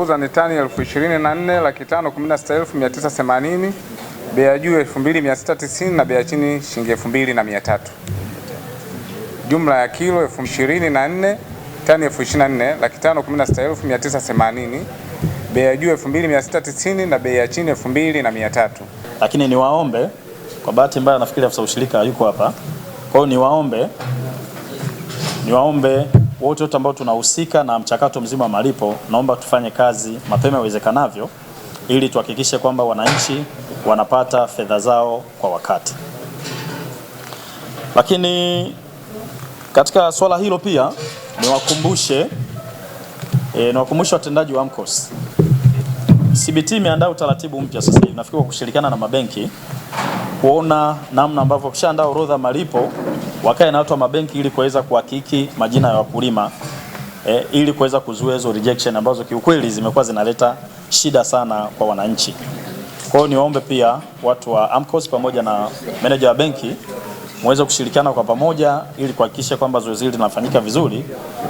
Kuuza ni tani elfu ishirini na nne laki tano kumi na sita elfu mia tisa themanini bei ya juu elfu mbili mia sita tisini na bei ya chini shilingi elfu mbili na mia tatu Jumla ya kilo elfu ishirini na nne tani elfu ishirini na nne laki tano kumi na sita elfu mia tisa themanini bei ya juu elfu mbili mia sita tisini na bei ya chini elfu mbili na mia tatu Lakini niwaombe kwa bahati mbaya, nafikiri afisa ushirika yuko hapa, kwa hiyo niwaombe niwaombe wote wote ambao tunahusika na mchakato mzima wa malipo, naomba tufanye kazi mapema iwezekanavyo ili tuhakikishe kwamba wananchi wanapata fedha zao kwa wakati. Lakini katika swala hilo pia niwakumbushe e, niwakumbushe watendaji wa AMCOS. CBT imeandaa utaratibu mpya sasa hivi nafikiri kwa kushirikiana na mabenki kuona namna ambavyo kishaandaa orodha malipo, wakae na watu wa mabenki ili kuweza kuhakiki majina ya wakulima e, ili kuweza kuzuia hizo rejection ambazo kiukweli zimekuwa zinaleta shida sana kwa wananchi. Kwa hiyo niwaombe pia watu wa AMCOS pamoja na meneja wa benki muweze kushirikiana kwa pamoja ili kuhakikisha kwamba zoezi hili linafanyika vizuri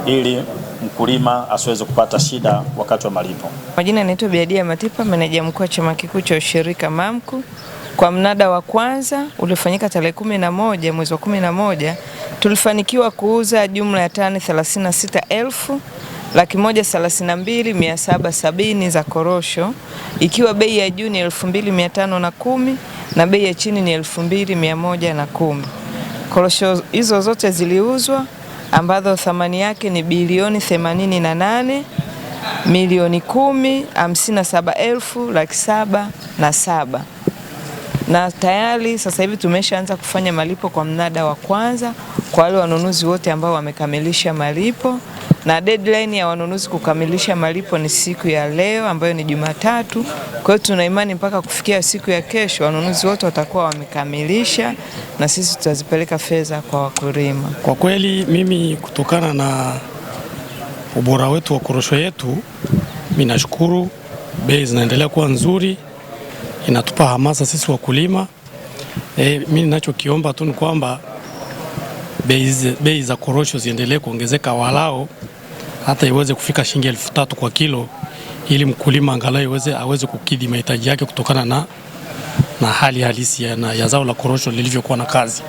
ili mkulima asiweze kupata shida wakati wa malipo. Majina yanaitwa Biadia Matipa, meneja mkuu wa chama kikuu cha ushirika MAMCU. Kwa mnada wa kwanza uliofanyika tarehe kumi na moja mwezi wa kumi na moja tulifanikiwa kuuza jumla ya tani elfu laki moja thelathini na mbili mia saba sabini za korosho ikiwa bei ya juu ni elfu mbili mia tano na kumi na bei ya chini ni elfu mbili mia moja na kumi. Korosho hizo zote ziliuzwa ambazo thamani yake ni bilioni 88 milioni kumi hamsini na saba elfu laki saba na saba na tayari sasa hivi tumeshaanza kufanya malipo kwa mnada wa kwanza kwa wale wanunuzi wote ambao wamekamilisha malipo, na deadline ya wanunuzi kukamilisha malipo ni siku ya leo ambayo ni Jumatatu. Kwa hiyo tuna imani mpaka kufikia siku ya kesho wanunuzi wote watakuwa wamekamilisha, na sisi tutazipeleka fedha kwa wakulima. Kwa kweli, mimi kutokana na ubora wetu wa korosho yetu, mimi nashukuru bei zinaendelea kuwa nzuri inatupa hamasa sisi wakulima. E, mi ninachokiomba tu ni kwamba bei za korosho ziendelee kuongezeka walao hata iweze kufika shilingi elfu tatu kwa kilo ili mkulima angalau iweze aweze kukidhi mahitaji yake kutokana na, na hali halisi ya, na, ya zao la korosho lilivyokuwa na kazi.